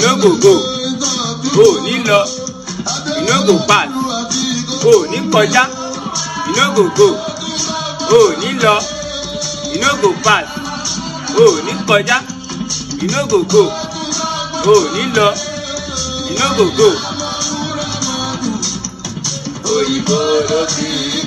no go go o ní lọ you no go pass o ní kọjá you no go go o ní lọ you no go pass o ní kọjá you no go go o ní lọ you no go go. òyìnbó ló ti rí.